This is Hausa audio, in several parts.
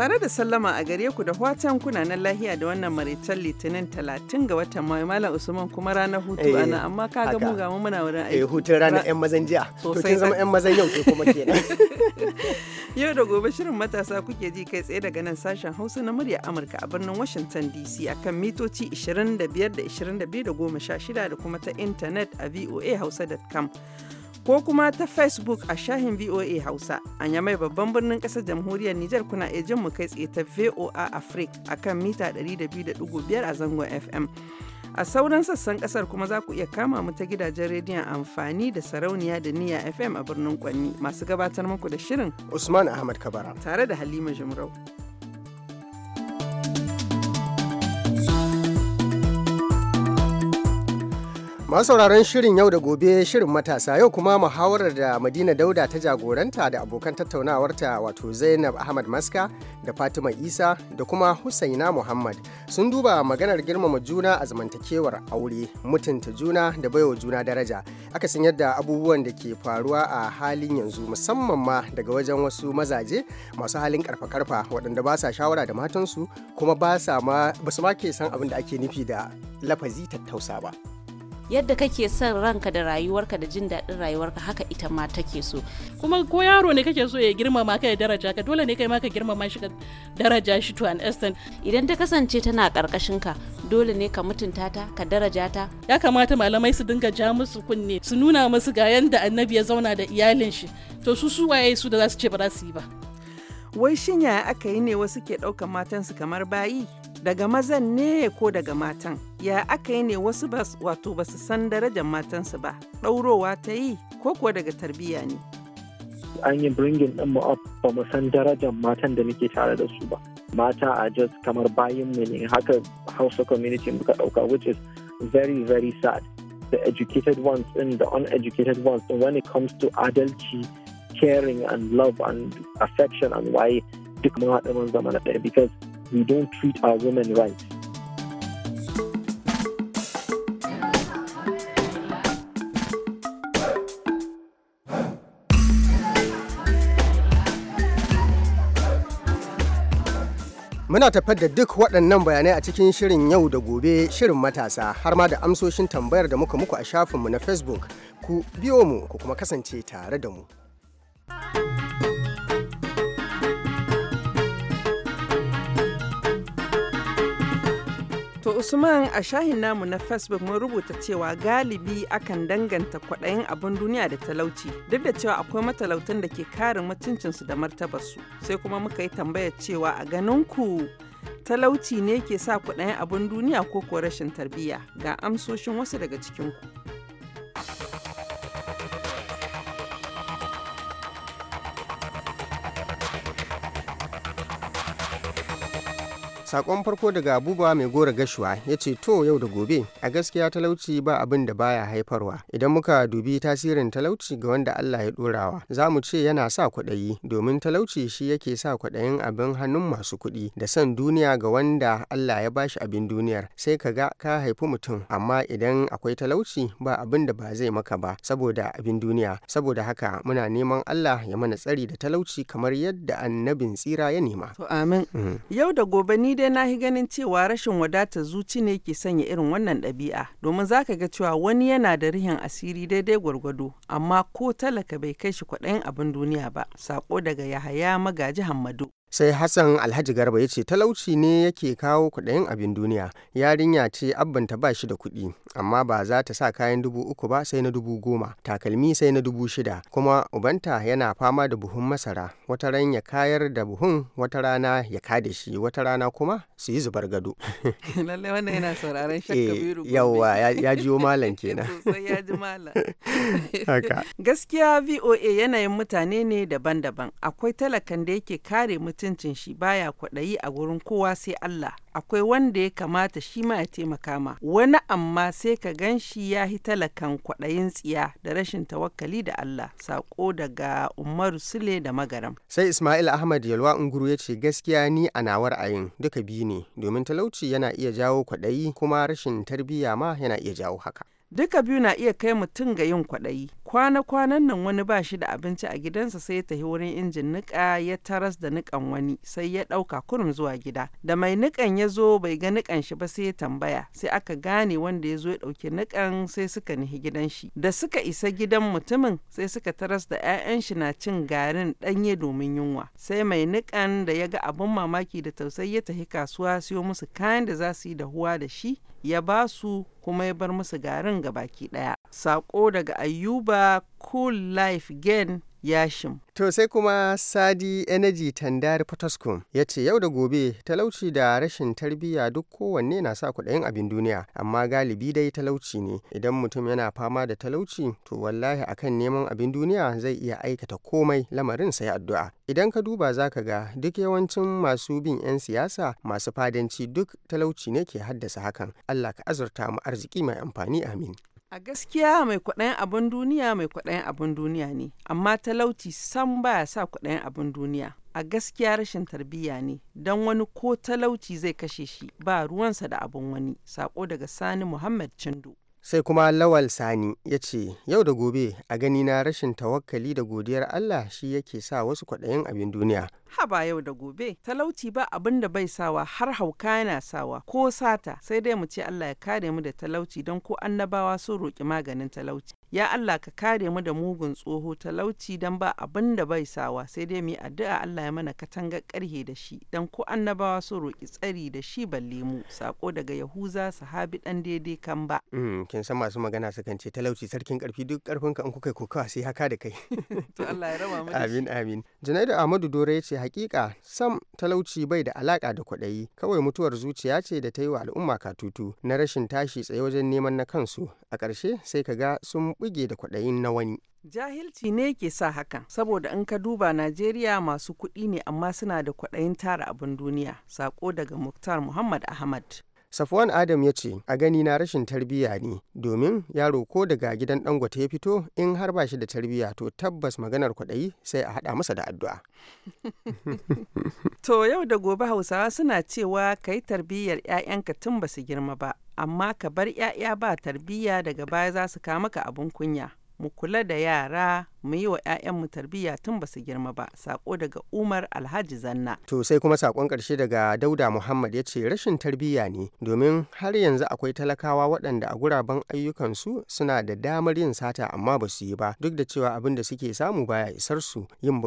Tare da sallama a gare ku da watan nan lahiya da wannan maritan litinin talatin ga watan mai malam Usman kuma ranar hutu eh, ana amma ka ga mu ga mu muna wurin aiki. Eh hutun ranar yan mazan jiya. To kin zama yan mazan yau ke kuma kenan. Yau da gobe shirin matasa kuke ji kai tsaye daga nan sashen Hausa na murya Amurka a birnin Washington DC akan mitoci 25 da 22 da 16 da kuma ta intanet a voahausa.com. ko kuma ta Facebook a shahin VOA Hausa. Anya mai babban birnin ƙasar jamhuriyar Nijar kuna iya jin mu kai tsaye ta VOA Africa a kan mita biyar a zangon FM. A sauran sassan ƙasar kuma za ku iya kama mu ta gidajen rediyon amfani da sarauniya da niya FM a birnin Kwanni masu gabatar muku da shirin Usman Ahmad Kabara tare da Halima Jumrau. Masu sauraron shirin yau da gobe shirin matasa yau kuma muhawarar da Madina Dauda ta jagoranta da abokan tattaunawarta wato Zainab Ahmad Maska da Fatima Isa da kuma Husaina Muhammad sun duba maganar girmama juna a zamantakewar aure mutunta juna da baiwa juna daraja aka san yadda abubuwan da ke faruwa a halin yanzu musamman ma daga wajen wasu mazaje masu halin karfa-karfa waɗanda ba sa shawara da matansu kuma ba su ma ke san abin da ake nufi da lafazi tattausa ba. yadda kake son ranka da rayuwarka da jin daɗin rayuwarka haka ita ma take so kuma ko yaro ne kake so ya girmama ka ya daraja ka dole ne kai ma ka girmama shi ka daraja shi to an extent idan ta kasance tana karkashin ka dole ne ka mutunta ta ka daraja ta ya kamata malamai su dinga ja musu kunne su nuna musu ga yanda annabi ya zauna da iyalin shi to su su waye su da za su ce ba za su yi ba wai shin ya aka yi ne wasu ke ɗaukan matansu kamar bayi daga mazan ne ko daga matan ya aka yi ne wasu bas wato basu san darajar matansu ba ɗaurowa ta yi ko kuwa daga tarbiyya ne an yi bringin ɗin mu up ba mu san darajar matan da muke tare da su ba mata a just kamar bayan mu ne haka hausa community muka ɗauka which is very very sad the educated ones and the uneducated ones and when it comes to adulty caring and love and affection and why duk mun haɗa mun zama na ɗaya because we don't treat our women right. Muna tafar da duk waɗannan bayanai a cikin shirin yau da gobe shirin matasa har ma da amsoshin tambayar da muka muku a shafinmu na Facebook ku biyo mu ku kuma kasance tare da mu. Usman a shahin namu na Facebook mun rubuta cewa galibi akan danganta kwaɗayin abin duniya da talauci duk da cewa akwai matalautan da ke karin mutuncinsu da martabarsu sai kuma muka yi tambayar cewa a ganin ku talauci ne ke sa kwaɗayin abin duniya ko rashin tarbiyya ga amsoshin wasu daga cikin ku. sakon farko daga abubuwa mai gora gashuwa ya ce to yau da gobe a gaskiya talauci ba abin da baya haifarwa idan muka dubi tasirin talauci ga wanda allah ya dorawa za mu ce yana sa kwaɗayi domin talauci shi yake sa kwaɗayin abin hannun masu kuɗi da san duniya ga wanda allah ya bashi abin duniyar sai ka ga ka haifi mutum amma idan akwai talauci ba abin da ba zai maka ba saboda abin duniya saboda haka muna neman allah ya mana tsari da talauci kamar yadda annabin tsira ya nema. Hmm. yau da gobe ni dai na ganin cewa rashin wadatar zuci ne ke sanya irin wannan ɗabi'a domin za ka ga cewa wani yana da rihin asiri daidai gwargwado amma ko talaka bai kai shi kwaɗayin abin duniya ba sako daga yahaya magaji hammadu sai hassan alhaji garba ya ce talauci ne yake kawo kwaɗayin abin duniya yarinya ce abbanta ba shi da kuɗi amma ba za ta sa kayan dubu uku ba sai na dubu goma takalmi sai na dubu shida kuma ubanta yana fama da buhun masara wata ran ya kayar da buhun wata rana ya kada shi wata rana kuma su yi zubar gado eh, ya jiyo malam kenan gaskiya voa yanayin mutane ne daban-daban akwai talakan da yake kare mutane mutuncin shi baya kwaɗayi a gurin kowa sai Allah akwai wanda ya kamata shi ma ya taimaka ma wani amma sai ka gan shi ya hi talakan kwaɗayin tsiya da rashin tawakkali da Allah sako daga Umaru Sule da Magaram sai Ismail Ahmad Yalwa Unguru ya ce gaskiya ni a nawar ayin duka biyu ne domin talauci yana iya jawo kwaɗayi kuma rashin tarbiyya ma yana iya jawo haka Duka biyu na iya kai mutum ga yin kwaɗayi. Kwana-kwanan nan wani ba shi da abinci a gidansa sai ya tafi wurin injin niƙa ya taras da niƙan wani sai ya ɗauka kurum zuwa gida. Da mai niƙan ya zo bai ga niƙan shi ba sai ya tambaya sai aka gane wanda ya zo ya ɗauki niƙan sai suka nihi gidan shi. Da suka isa gidan mutumin sai suka taras da 'ya'yan shi na cin garin ɗanye domin yunwa. Sai mai niƙan da ya ga abin mamaki da tausayi ya tafi kasuwa siyo musu kayan da za su yi dahuwa da shi ya ba su kuma ya bar musu garin ga baki ɗaya. Sako daga Ayuba Cool Life Gain Yashin. To sai kuma Sadi Energy Tandari Potoskum ya ce yau da gobe talauci da rashin tarbiyya duk kowanne na sa kuɗayin abin duniya amma galibi dai talauci ne idan mutum yana fama da talauci to wallahi akan neman abin duniya zai iya aikata komai lamarin sai addu'a. Idan ka duba za ka ga duk yawancin masu bin 'yan siyasa masu fadanci duk talauci ne ke haddasa hakan. Allah ka azurta mu arziki mai amfani amin. A gaskiya mai kwaɗayin abin duniya mai kwaɗayin abin duniya ne, amma talauci sam baya sa kwaɗayin abin duniya. A gaskiya rashin tarbiyya ne, don wani ko talauci zai kashe shi ba ruwansa da abin wani. saƙo daga Sani Muhammad Chindo. sai kuma lawal sani ya ce yau da gobe a gani na rashin tawakkali da godiyar allah shi yake sa wasu kwaɗayin abin duniya haba yau da gobe talauci ba abin da bai sawa har hauka yana sawa ko sata sai dai mu ce allah ya kare mu da talauci don ko annabawa sun roƙi maganin talauci ya Allah ka kare mu da mugun tsoho talauci don ba abin da bai sawa sai dai mu addu'a Allah ya mana katanga karhe da shi don ko annabawa su roki tsari da shi balle mu sako daga Yahuza sahabi dan daidai kan ba mm, kin san masu magana sukan ce talauci sarkin karfi duk karfin ka in kuka kokawa sai haka da kai to Allah ya raba mu amin amin Ahmadu Dore ya ce hakika sam talauci bai da alaka da kwaɗayi kawai mutuwar zuciya ce da ta yi wa al'umma katutu na rashin tashi tsaye wajen neman na kansu a ƙarshe sai ka ga sun bige da kwaɗayin na wani. Jahilci ne ke sa hakan, saboda in ka duba Najeriya masu kuɗi ne amma suna da kwaɗayin tara abin duniya, sako daga Muktar Muhammad Ahmad. Safwan Adam ya ce, a gani na rashin tarbiyya ne, domin yaro ko daga gidan dangote ya fito in har ba shi da tarbiyya to tabbas maganar kwaɗayi sai a haɗa masa da addu'a. to yau da gobe Hausawa suna cewa ka yi tarbiyyar 'ya'yanka tun ba su girma ba, amma ka bar 'ya'ya ba tarbiyya daga baya za su kawo maka abin kunya. mu kula da yara mu yi wa 'ya'yanmu tarbiyya tun ba su girma ba sako daga umar alhaji zanna to sai kuma sakon karshe daga dauda muhammad ya ce rashin tarbiyya ne domin har yanzu akwai talakawa waɗanda a guraben ayyukansu suna da damar yin sata amma ba su yi ba duk da cewa abin da suke samu baya isar su yin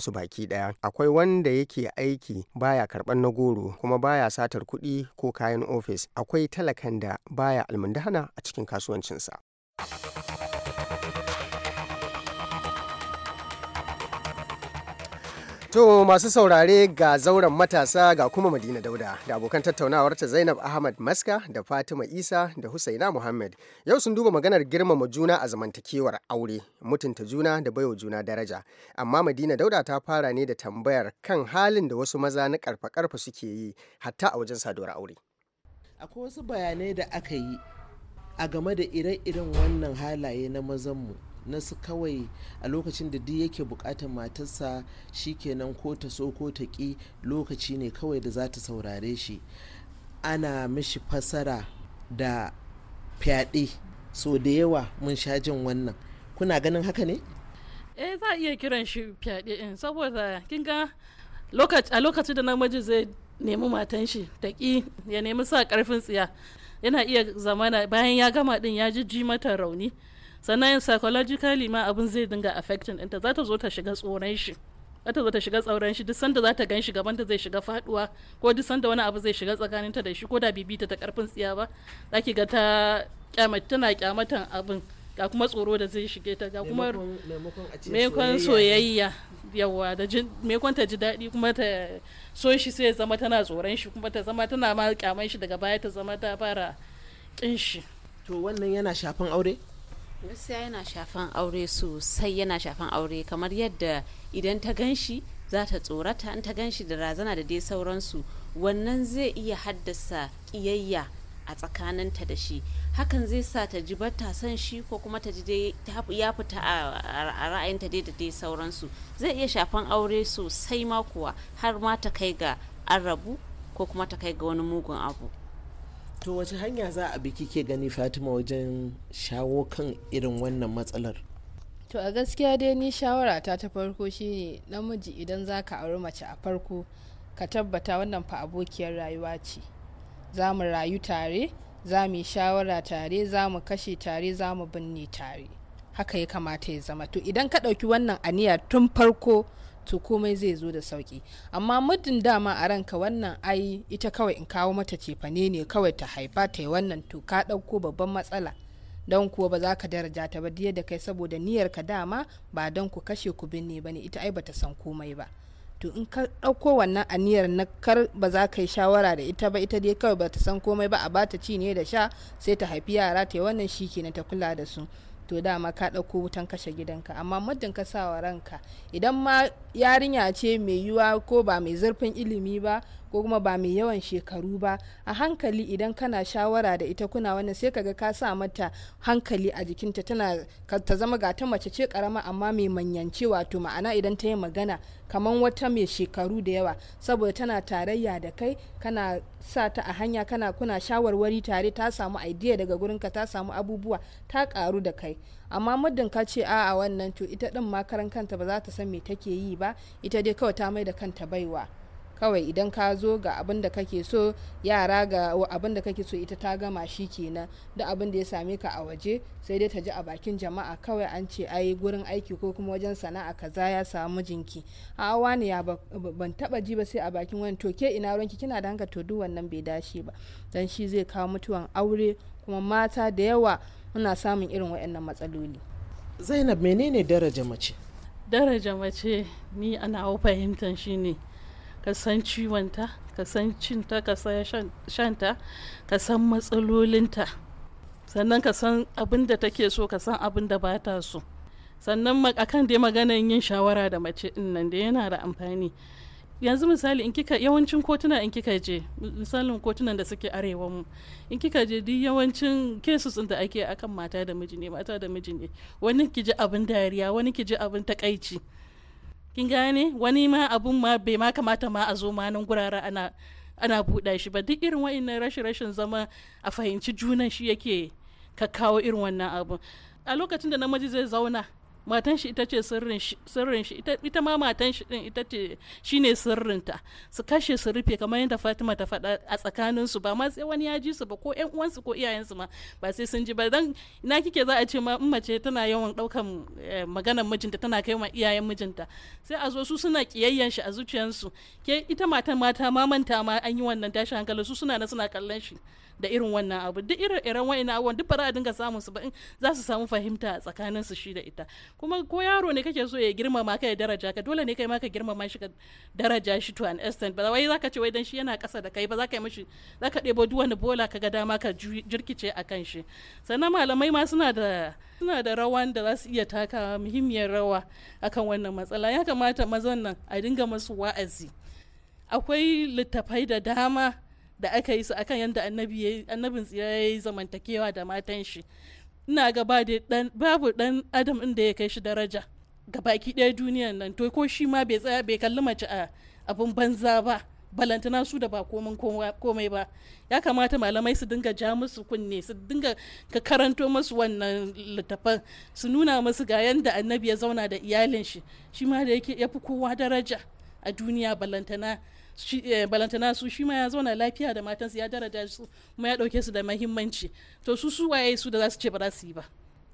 su baki ɗaya akwai wanda yake aiki baya karɓar na goro kuma baya satar kuɗi ko kayan ofis akwai talakan da baya almundahana a cikin kasuwancinsa. To masu saurare ga zauren matasa ga kuma Madina Dauda da abokan tattaunawar ta Zainab Ahmad Maska da Fatima Isa da Husaina Muhammad. Yau sun duba maganar girmama juna a zamantakewar aure, mutunta juna da baiwa juna daraja. Amma Madina Dauda ta fara ne da tambayar kan halin da wasu maza na karfa-karfa suke yi hatta a wajen saduwar aure. Akwai wasu bayanai da aka yi a game da ire-iren wannan halaye na mazanmu. na su kawai a lokacin da duk yake bukatar matarsa shi kenan ko ta so ko ta ki lokaci ne kawai da za ta saurare shi ana mishi fasara da fyaɗe so da yawa mun sha jin wannan kuna ganin haka ne eh za iya kiran shi fyaɗe in saboda kin ga a lokacin da namiji zai nemi matan shi ta ƙi ya nemi sa ƙarfin tsiya yana iya zamana bayan ya gama din ya ji mata rauni sannan psychologically ma abin zai dinga affecting ɗinta za ta zo ta shiga tsoron shi ta zo ta shiga tsoron shi duk sanda za ta gan shi gaban ta zai shiga faduwa ko duk sanda wani abu zai shiga tsakanin ta da shi ko da bibita ta karfin tsiya ba za ki ga ta kyamata tana kyamatan abin ga kuma tsoro da zai shige ta ga kuma maimakon soyayya yawa da maimakon ta ji daɗi kuma ta so shi sai zama tana tsoron shi kuma ta zama tana ma kyaman shi daga baya ta zama ta fara kin shi to wannan yana shafin aure gaskiya yana shafan aure sosai yana shafan aure kamar yadda idan ta gan shi za ta tsorata in ta ganshi shi da razana da dai sauransu wannan zai iya haddasa ƙiyayya a tsakaninta da shi hakan zai sa ta ji ta son shi ko kuma ta ji ya fita a ra'ayinta dai da dai sauransu zai iya shafan aure sosai ma kuwa har ma ta kai ga an rabu ko kuma ta kai ga wani mugun abu to wace hanya za a bi kike gani fatima wajen shawo kan irin wannan matsalar to a gaskiya dai ni shawara ta ta farko shine namiji idan za ka auri mace a farko ka tabbata wannan fa abokiyar rayuwa ce za mu rayu tare za mu yi shawara tare za mu kashe tare za mu binne tare haka ya kamata ya zama to idan ka ɗauki wannan aniya tun farko to komai zai zo da sauki amma muddin dama a ranka wannan ai ita kawai in kawo mata cefane ne kawai ta haifa ta yi wannan to ka ɗauko babban matsala don kuwa ba za ka daraja ta ba da kai saboda niyyar ka dama ba don ku kashe ku binne ba ne ita ai bata san komai ba to in ka ɗauko wannan aniyar na kar ba za ka yi shawara da ita ba ita dai kawai ba ta san komai ba a bata ci ne da sha sai ta haifi yara ta yi wannan shi ta kula da su to dama ka ɗauko wutan kashe gidanka amma muddin ka sawa ranka idan ma yarinya ce mai yiwuwa ko ba mai zurfin ilimi ba ko kuma ba mai yawan shekaru ba a hankali idan kana shawara da ita kuna wannan sai kaga ka sa mata hankali a jikinta tana ta zama ga ta mace ce karama amma mai manyance wato ma'ana idan ta yi magana kamar wata mai shekaru da yawa saboda tana tarayya da kai kana sa ta a hanya kana kuna shawarwari tare ta samu idea daga ka ta samu abubuwa ta karu da kai amma muddin ka ce a'a wannan to ita din ma karan kanta ba za ta san me take yi ba ita dai kawai ta mai da kanta baiwa kawai idan ka zo ga abin da kake so yara ga abin da kake so ita ta gama shi kenan duk abin da ya same ka a waje sai dai ta ji a bakin jama'a kawai an ce ai gurin aiki ko kuma wajen sana'a kaza ya samu jinki a awa ne ban taba ji ba sai a bakin wani to ke ina ranki kina da hanka to duk wannan bai dace ba dan shi zai kawo mutuwan aure kuma mata da yawa muna samun irin waɗannan matsaloli zainab menene daraja mace daraja mace ni ana fahimtar shine ka san ciwonta ka san cinta ka san shanta ka san matsalolinta sannan ka san abin da take so ka san abin da ba ta so sannan akan dai maganan yin shawara da mace nan da yana da amfani yanzu misali in kika yawancin kotuna in kika je misalin kotunan da suke arewa mu in kika je duk yawancin kesu da ake akan mata da miji ne mata da miji ne wani ki ji abin dariya wani ki ji abin takaici kin gane wani ma abun ma bai ma kamata ma a zo ma nan gurare ana ana buɗa shi ba duk irin wa'annan rashin rashin zama a fahimci junan shi yake ka kawo irin wannan abun a lokacin da namiji zai zauna matan shi ita ce sirrin shi ita ma matan shi din ita ce shi ne sirrinta su kashe su rufe kamar yadda Fatima ta faɗa a tsakanin su ba ma sai wani ya ji su ba ko ƴan uwansu ko iyayensu ma ba sai sun ji ba dan ina kike za a ce ma in mace tana yawan ɗaukan eh, maganar mijinta tana kai ma iyayen mijinta sai a zo su suna kiyayyen shi a zuciyarsu ke ita matan mata ma manta ma an yi wannan tashin hankali su suna na suna kallon shi da irin wannan abu duk irin irin wa'ina abubuwan duk ba a dinga samun su ba in za su samu fahimta tsakanin su shi da ita kuma ko yaro ne kake so ya girmama ka ya daraja ka dole ne kai ma ka girmama shi ka daraja shi to an extent ba wai zaka ce wai dan shi yana kasa da kai ba zaka yi mishi zaka ɗebo duk wani bola ka ga dama ka jirkice a kan shi sannan malamai ma suna da suna da rawan da za su iya taka muhimmiyar rawa akan wannan matsala ya kamata mazan nan a dinga masu wa'azi akwai littafai da dama da aka yi su akan yadda annabin tsira ya yi zamantakewa da matan shi ina ga babu dan adam inda ya kai shi daraja ga baki ɗaya duniyan nan to ko shi ma bai tsaya bai kalli mace a abin banza ba balantana su da ba komai komai ba ya kamata malamai su dinga ja musu kunne su dinga ka karanto musu wannan littafan su nuna musu ga yadda annabi ya zauna da iyalin shi shi ma da yake yafi kowa daraja a duniya balantana Eh, balantana su shi ma ya zauna lafiya da matansu ya daraja su kuma ya dauke su da mahimmanci to su su waye su da za su ce ba za su yi ba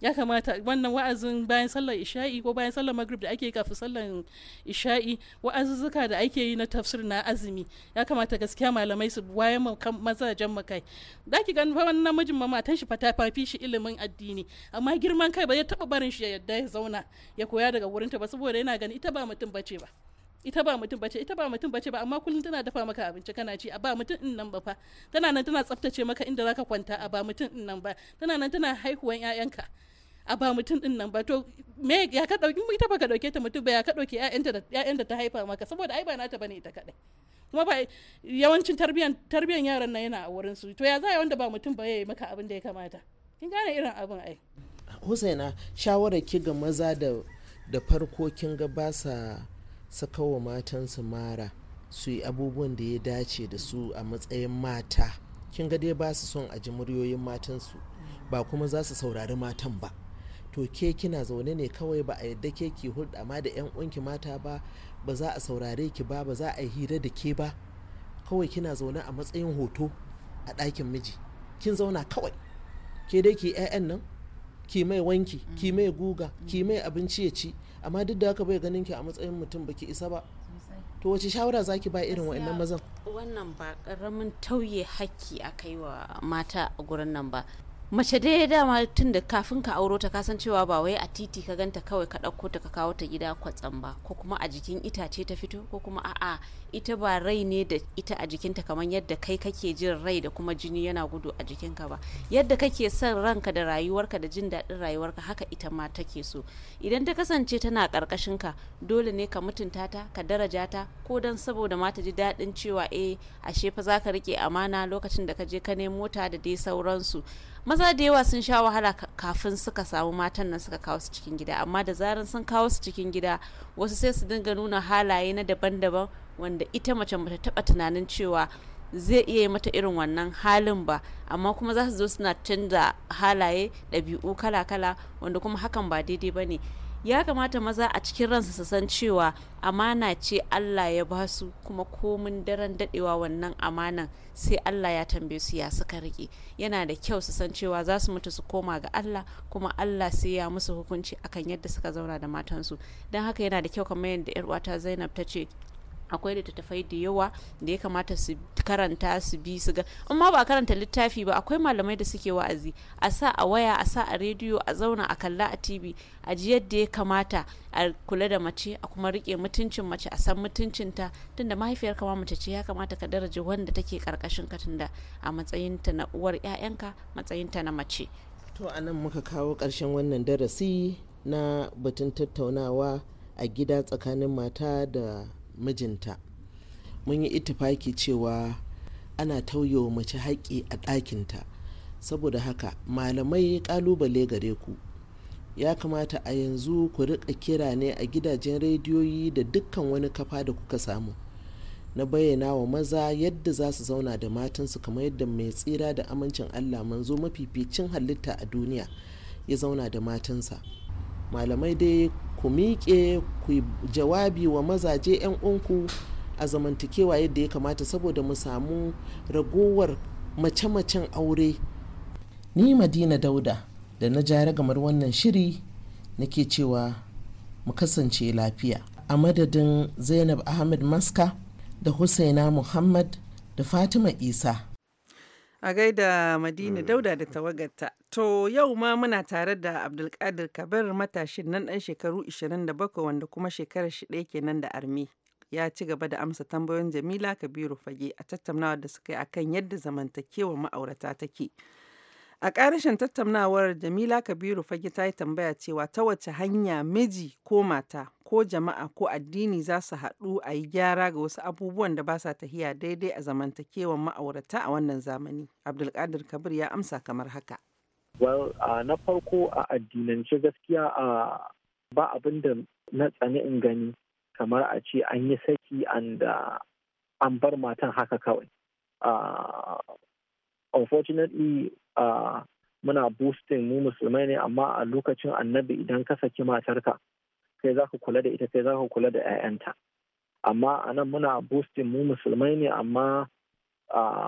ya kamata wannan wa'azin bayan sallar isha'i ko bayan sallar maghrib da ake kafin sallar isha'i wa'azuzzuka da ake yi na tafsir na azumi ya kamata gaskiya malamai su waye mazajen makai da ki gani wannan namijin ma matan shi fata fafi shi ilimin addini amma girman kai ba ya taba barin shi ya yadda ya zauna ya koya daga wurinta ba saboda yana gani ita ba mutum bace ba ita ba mutum bace ita ba mutum bace ba amma kullum tana dafa maka abinci kana ci a ba mutum in nan ba fa tana nan tana tsaftace maka inda zaka kwanta a ba mutum in nan ba tana nan tana haihuwan ƴaƴanka a ba mutum din nan ba to me ya ka dauki ita ba ka dauke ta mutum ba ya ka dauke ƴaƴanta da ƴaƴan da ta haifa maka saboda ai ba nata bane ita kadai kuma ba yawancin tarbiyan tarbiyan yaran nan yana a wurin su to ya za ya wanda ba mutum ba ya yi maka abin da ya kamata kin gane irin abin ai Husaina shawarar ki ga maza da da farko kin ga ba sa sakawa matansu mara su yi abubuwan da ya dace da su a matsayin mata kin ga dai ba su son a ji muryoyin matansu ba kuma za su saurari matan ba to ke kina zaune ne kawai ba a yadda ke ki hulɗa ma da 'yan uwanki mata ba ba za a saurare ki ba ba za a yi hira da ke ba kawai kina zaune a matsayin hoto a ɗakin miji kin zauna kawai ke dai ki 'ya'yan nan ki mai wanki ki mai guga ki mai abinci ya ci amma duk da haka bai ganin ki a matsayin mutum baki isa ba to wace shawara zaki ba irin wa'annan mazan wannan ba karamin tauye haƙƙi a kai wa mata a gurin nan ba mace dai dama tun da kafin ka auro ta kasan cewa ba wai a titi ka ganta kawai ka ɗauko ta ka kawo ta gida kwatsam ba ko kuma a jikin itace ta fito ko kuma a'a ita ba rai ne da ita a jikinta kamar yadda kai kake jin rai da kuma jini yana gudu a jikinka ba yadda kake son ranka da rayuwarka da jin daɗin rayuwarka haka ita ma take so idan ta kasance tana karkashin ka dole ne ka mutunta ta ka daraja ta ko dan saboda ma ta ji daɗin cewa eh ashe fa za ka amana lokacin da ka je ka nemo mota da dai sauransu maza da yawa sun sha wahala kafin suka samu matan nan suka kawo su cikin gida amma da zaran sun kawo su cikin gida wasu sai su dinga nuna halaye na daban-daban wanda ita mace bata taba tunanin cewa zai iya yi mata irin wannan halin ba amma kuma za su zo suna canza halaye ɗabi'u kala-kala wanda kuma hakan ba daidai ba ne ya kamata maza a cikin ransu su san cewa amana ce allah ya ba su kuma komin daren daɗewa wannan amanan sai allah ya tambaye su ya suka rike yana da kyau su san cewa za su mutu su koma ga allah kuma allah sai ya musu hukunci akan yadda suka zauna da matansu don haka yana da kyau kamar yadda 'yar uwata zainab ta ce akwai littattafai da yawa da ya kamata su karanta su bi su ga amma ba karanta littafi ba akwai malamai da suke wa'azi a sa a waya a sa a rediyo a zauna a kalla a tv a ji yadda ya kamata a kula da mace a kuma rike mutuncin mace a san mutuncinta tunda mahaifiyar kama mace ce ya kamata ka daraja wanda take karkashin ka tunda a matsayinta na uwar 'ya'yanka matsayinta na mace to anan muka kawo ƙarshen wannan darasi na batun tattaunawa a gida tsakanin mata da mijinta mun yi itifaki cewa ana tauyewa mace haƙƙi a ɗakinta saboda haka malamai ƙalubale gare ku ya kamata a yanzu ku riƙa kira ne a gidajen rediyoyi da dukkan wani kafa da kuka samu na bayyana wa maza yadda za su zauna da matansu kamar yadda mai tsira da amincin allah manzo mafificin halitta a duniya ya zauna da matansa malamai dai ku miƙe ku jawabi wa mazaje 'yan unku a zamantakewa yadda ya kamata saboda mu samu ragowar mace-macen aure ni madina dauda da na jari gamar wannan shiri nake cewa mu kasance lafiya a madadin zainab ahmed maska da husaina muhammad da fatima isa A gaida Madina mm. Dauda da tawagarta. To yau ma muna tare da Abdulkadir Kabir matashin nan ɗan shekaru 27 wanda kuma shekarar shi ɗaya kenan da armi. Ya ci gaba da amsa tambayoyin Jamila Kabiru Fage a tattaunawar da suka yi akan yadda zamantakewa ma'aurata take. A ƙarashin tattaunawar Jamila Kabiru fage ta yi tambaya cewa ta wace hanya miji ko mata ko jama'a ko addini za su haɗu a yi gyara ga wasu abubuwan da ba sa tahiya daidai a zamantakewan ma'aurata a wannan zamani. Abdulkadir Kabir ya amsa kamar haka. Well, na farko a addinance gaskiya uh, ba abin da na tsani in gani kamar a ce an yi saki and an bar matan haka kawai. unfortunately muna boosting mu musulmai ne amma a lokacin annabi idan ka saki matarka kai za ka kula da ita kai za ka kula da 'ya'yanta amma a nan muna boosting mu musulmai ne amma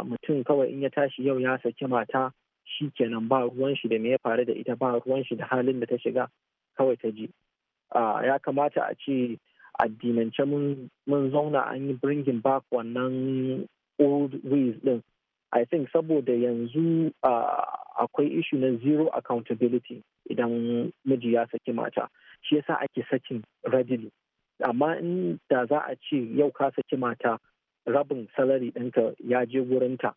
mutum kawai in ya tashi yau ya saki mata shi kenan ba ruwan shi da me ya faru da ita ba ruwan shi da halin da ta shiga kawai ta ji ya kamata a ce addinance mun zauna an yi bringing back wannan old ways din I think saboda yanzu akwai issue na zero accountability idan miji ya saki mata shi yasa ake sakin readily amma in da za a ce yau ka saki mata rabin salari ɗinka ya je wurinta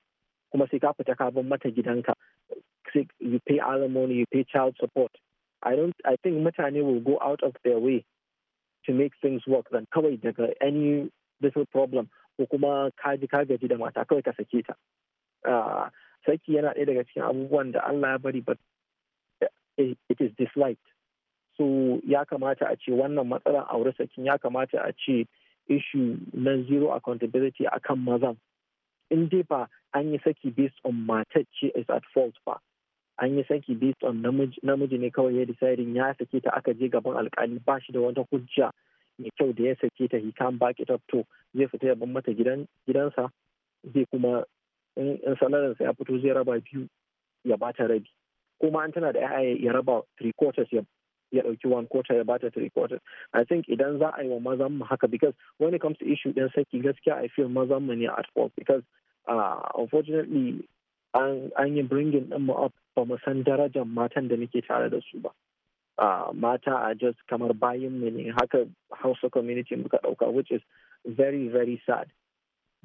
kuma sai ka fita ka bar mata gidanka you pay alimony you pay child support I don't I think mutane will go out of their way to make things work than kawai daga any little problem ko kuma ka ji ka gaji da mata kawai ka sake ta saki yana ɗaya daga cikin abubuwan da Allah ya bari but it is disliked so ya kamata a ce wannan matsalar aure sakin ya kamata a ce issue na zero accountability akan mazan in dai ba an yi saki based on matar ce is at fault ba an yi saki based on namiji ne kawai ya deciding ya sake ta aka je gaban alkali ba shi da wata hujja mai kyau da ya sake ta he can back it up to zai fita ya ban mata gidansa zai kuma in salarin sai ya fito zai raba biyu ya bata rabi kuma an tana da yaya ya raba three quarters ya ya dauki one quarter ya bata three quarters i think idan za a yi wa mazan mu haka because when it comes to issue din saki gaskiya i feel mazan mu ne at fault because uh, unfortunately an yi bringing din mu up ba mu san darajar matan da muke tare da su ba Uh, mata a just kamar bayan mu ne haka hausa community muka dauka which is very very sad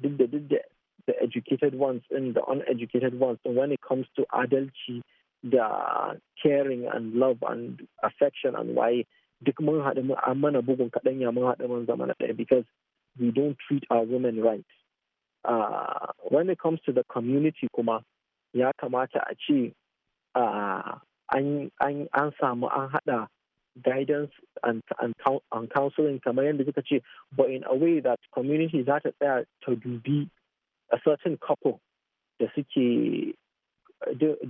duk da duk da educated ones and the uneducated ones. And when it comes to adalci da caring and love and affection and why duk mun bugun kaɗan ya mun haɗu mun ɗaya because we don't treat our women right. Uh, when it comes to the community kuma ya kamata a ce ah, an, samu an haɗa guidance and, and, and counseling kamar yadda kika ce but in a way that community za ta tsaya ta dubi a certain couple da suke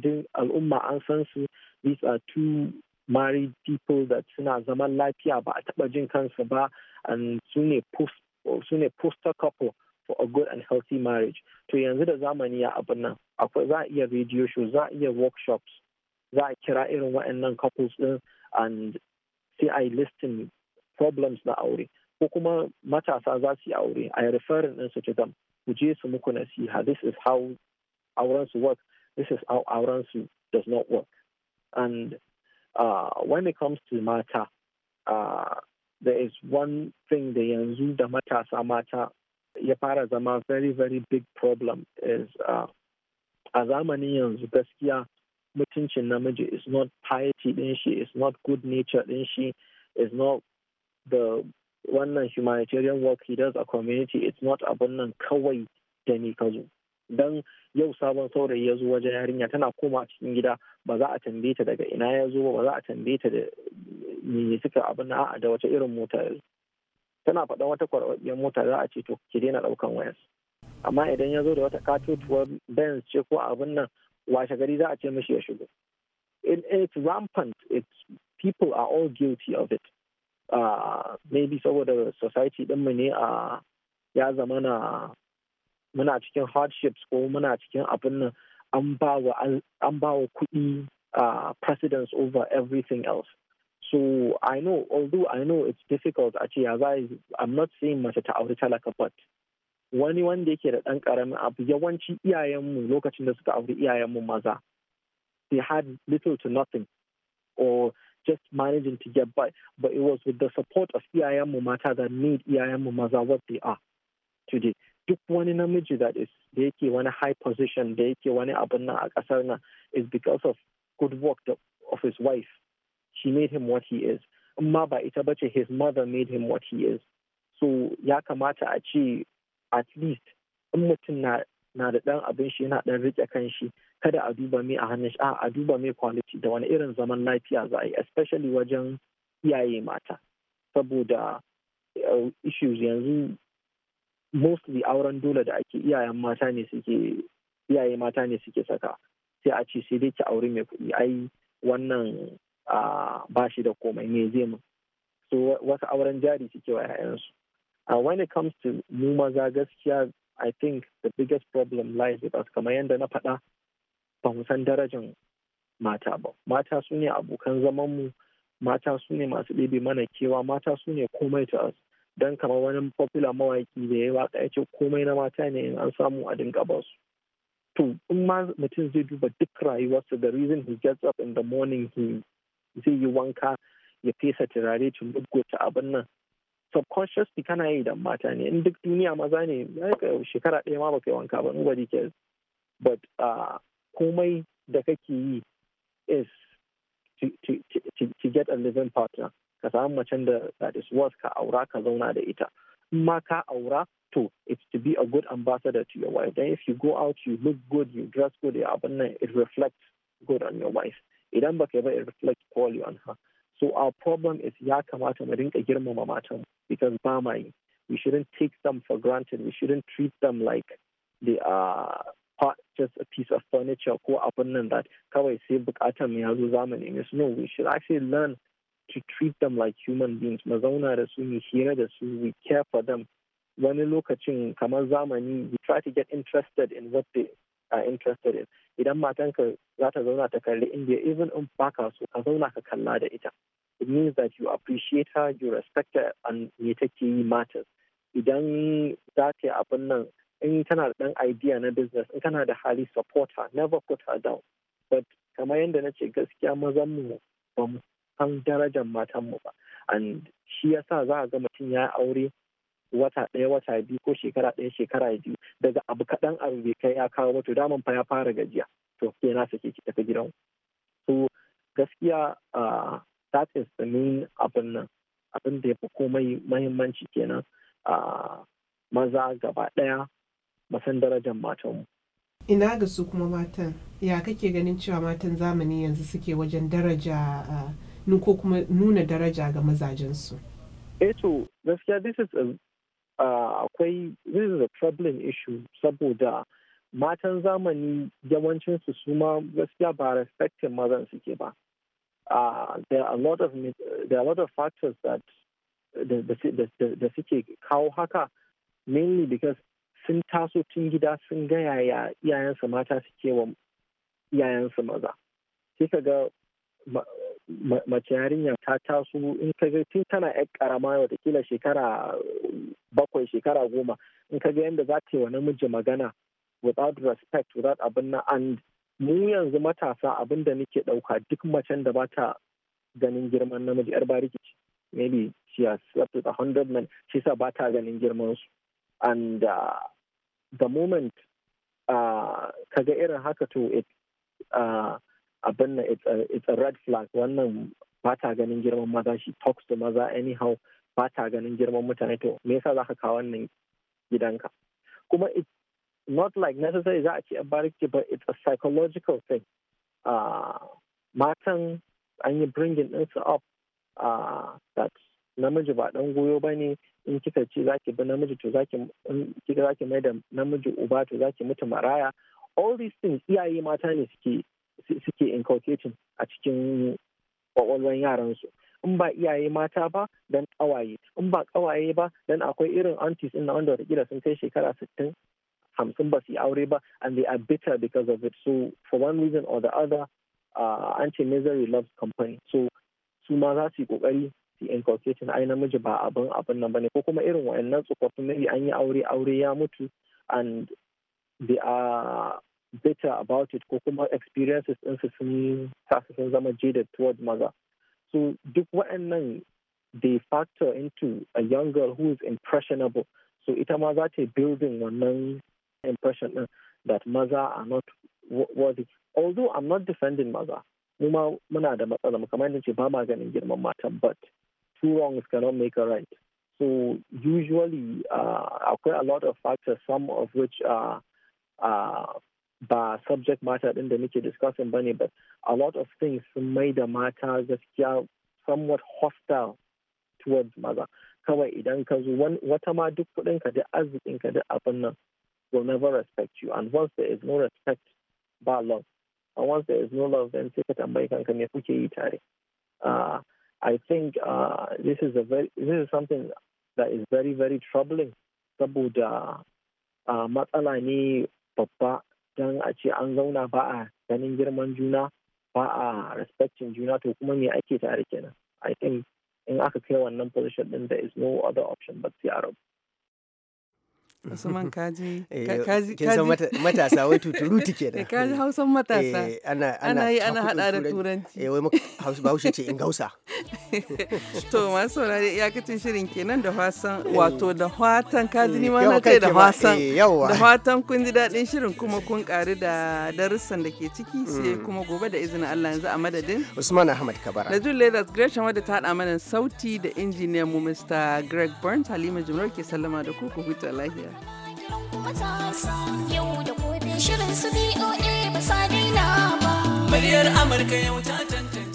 din al'umma an san su these are two married people that suna zaman lafiya ba a taba jin kansu ba and su ne poster couple for a good and healthy marriage to yanzu da zamani ya abin nan akwai za a iya radio show za a iya workshops za a kira irin waɗannan couples din and sai a yi listin problems na aure ko kuma matasa za su yi aure a yi referring su to them this is how auransu works this is how auransu does not work and uh, when it comes to mata uh, there is one thing da yanzu da mata ya fara zama very very big problem is uh, a zamanin yanzu gaskiya mutuncin namiji is not piety din shi is not good nature din shi is not the wannan humanitarian work he does a community it's not abun nan kawai da ni ka zo dan yau sabon saurayi ya zo wajen yarinya tana koma cikin gida ba za a tambaye ta daga ina ya zo ba za a tambaye ta da me suka abin a'a da wata irin mota yanzu. tana faɗan wata kwarɓaɓɓiyar mota za a ce to ki daina ɗaukan wayar amma idan ya zo da wata katotuwar benz ce ko abin nan washe gari za a ce mishi ya shigo it's rampant it's people are all guilty of it Ah, maybe saboda society ɗinmu ne a ah, ya zama na muna cikin hardships ko muna cikin abin nan an ba wa kuɗi ah, precedence over everything else so i know although i know it's difficult a ce I, i'm not saying mace ta auri talaka but wani wanda yake da ɗan ƙaramin abu yawanci iyayenmu lokacin da suka auri iyayenmu maza they had little to nothing or just managing to get by, but it was with the support of iyayenmu mata that made iyayenmu maza what they are today. Duk wani namiji that is da yake wani high position da yake wani abin nan a ƙasar nan is because of good work of his wife. She made him what he is. Amma ba ita his mother made him what he is. So ya kamata a ce at least in mutum na da ɗan abin shi yana ɗan riƙe kan shi kada a duba mai a hannun a a duba mai quality da wani irin zaman lafiya za a yi especially wajen iyaye mata saboda eh, issues yanzu mostly auren dole da ake iyayen mata ne suke iyaye mata ne suke saka sai a ce sai dai ki aure mai kuɗi ai wannan ba shi da komai ne zai mu so wasu auren jari suke wa 'ya'yansu uh, when it comes to mu maza gaskiya I think the biggest problem lies with us kamar yadda na faɗa ba mu san darajin mata ba mata su ne abokan zamanmu mata su ne masu ɗebe mana kewa mata su ne komai ta us don kamar wani popular mawaki da ya waka ya ce komai na mata ne in an samu a dinga ba su to in ma mutum zai duba duk rayuwarsa the reason he gets up in the morning he zai yi wanka ya fesa turare to ta abin nan subconsciously kana yi idan mata ne in duk duniya maza ne shekara ɗaya ma baka yi wanka ba nobody cares but ah, komai da kake yi is to, to, to, to get a living partner ka samu macen da that is worth ka aura ka zauna da ita in ma ka aura to it's to be a good ambassador to your wife then if you go out you look good you dress good ya abin nan it reflects good on your wife idan baka yi ba it reflects poorly on her so our problem is ya kamata mu rinka girmama matan because ba ma yi we shouldn't take them for granted we shouldn't treat them like they are just a piece of furniture ko abin nan that kawai sai bukatar mu ya zo zamani neme no we should actually learn to treat them like human beings mu zauna da su mu hira da su we care for them wani lokacin kamar zamani we try to get interested in what they are interested in idan matanka za ta zauna ta kalli india even in baka so ka zauna ka kalla da ita it means that you appreciate her you respect her and me take yi matters idan za ta yi abin nan in tana da ɗan idea na business in tana da hali support her never put her down but kamar yadda na ce gaskiya mazan mu ba mu san darajar matan mu ba and shi yasa za a ga mutum ya aure wata ɗaya wata biyu ko shekara ɗaya shekara biyu daga abu kaɗan a bai kai ya kawo wato daman fa ya fara gajiya to ke na sake ki tafi gidan so gaskiya that is the main abin nan abin da ya fi komai mahimmanci kenan maza gaba ɗaya ba san darajar matanmu. Ina ga su kuma matan, ya kake ganin cewa matan zamani yanzu suke wajen daraja ah, ko kuma nuna daraja ga mazajensu? eto eh to, gaskiya this is a akwai uh, this is a troubling issue saboda matan zamani yawancinsu su ma gaskiya ba respectin mazan suke ba. Uh, there are a lot of there are a lot of factors that da suke kawo haka mainly because sun taso tun gida sun ga yaya iyayensu mata suke wa iyayensu maza sai ka ga mace yarinya ta taso in ka ga tun tana yar karama watakila shekara bakwai shekara goma in ka ga yadda za ta yi wa namiji magana without respect without abin na an mu yanzu matasa abin da nake ɗauka duk macen da ba ta ganin girman namiji yar rikici maybe she has slept with a hundred men shi sa ba ta ganin girman su and uh, the moment uh, kaga irin haka to it uh, abin it's a, red flag wannan ba ta ganin girman maza shi talks to maza anyhow ba ta ganin girman mutane to me yasa zaka kawo wannan gidanka kuma it's not like necessary za a ce bariki but it's a psychological thing uh, matan an yi bringing ɗinsu up uh, namiji ba dan goyo ba ne in kika ce za ki bi namiji to za ki mai da namiji uba to za ki mutu maraya all these things iyaye mata ne suke inculcating a cikin kwakwalwar yaransu in ba iyaye mata ba dan kawaye in ba kawaye ba dan akwai irin aunties na wanda watakila sun kai shekara sittin hamsin ba su yi aure ba and they are bitter because of it so for one reason or the other uh, an misery loves company so su ma za su yi kokari inculcating ai namiji ba abin abin nan bane ko kuma irin wayannan tsofaffin maybe an yi aure aure ya mutu and they are bitter about it ko kuma experiences ɗinsu sun sa sun zama jaded toward maza so duk wayannan they factor into a young girl who is impressionable so ita ma za ta yi building wannan impression ɗin that maza are not worthy although I'm not defending maza mu ma muna da matsala mu kamar ce ba ma ganin girman matan but two wrongs cannot make a right. So usually, uh, quite a lot of factors, some of which are uh, subject matter ɗin da muke discussing Bunny, but a lot of things made the matter mata somewhat hostile towards mother. kawai idan ka zo wata ma duk kuɗin ka duk arzikin ka duk abin nan will never respect you and once there is no respect ba love and once there is no love then sai ka tambayi kanka me kuke yi tare uh, I think uh, this is a very this is something that is very very troubling saboda uh, matsala ne babba don a ce an zauna ba a ganin girman juna ba a respecting juna to kuma me ake tare kenan I think in aka kai wannan position din there is no other option but CRO. man kaji eh, kaji kaji matasa wai tike da eh, Kaji eh, Hausan matasa. ana ana yi ana hada da turanci. Eh wai Bahaushe ce in gausa. To masu saurare iyakacin shirin kenan da fasan wato da fatan kaji ni ma na ce da fasan. Da fatan kun ji dadin shirin kuma kun kare da darussan da ke ciki mm. sai kuma gobe da izinin Allah yanzu a madadin. Usman Ahmad Kabara. Da Julie Leathers Gresham wanda ta hada mana sauti da injiniyan mu Mr. Greg Burns Halima Jumrau ke sallama da ku ku huta lafiya. Muryar Amurka yau ta tantance.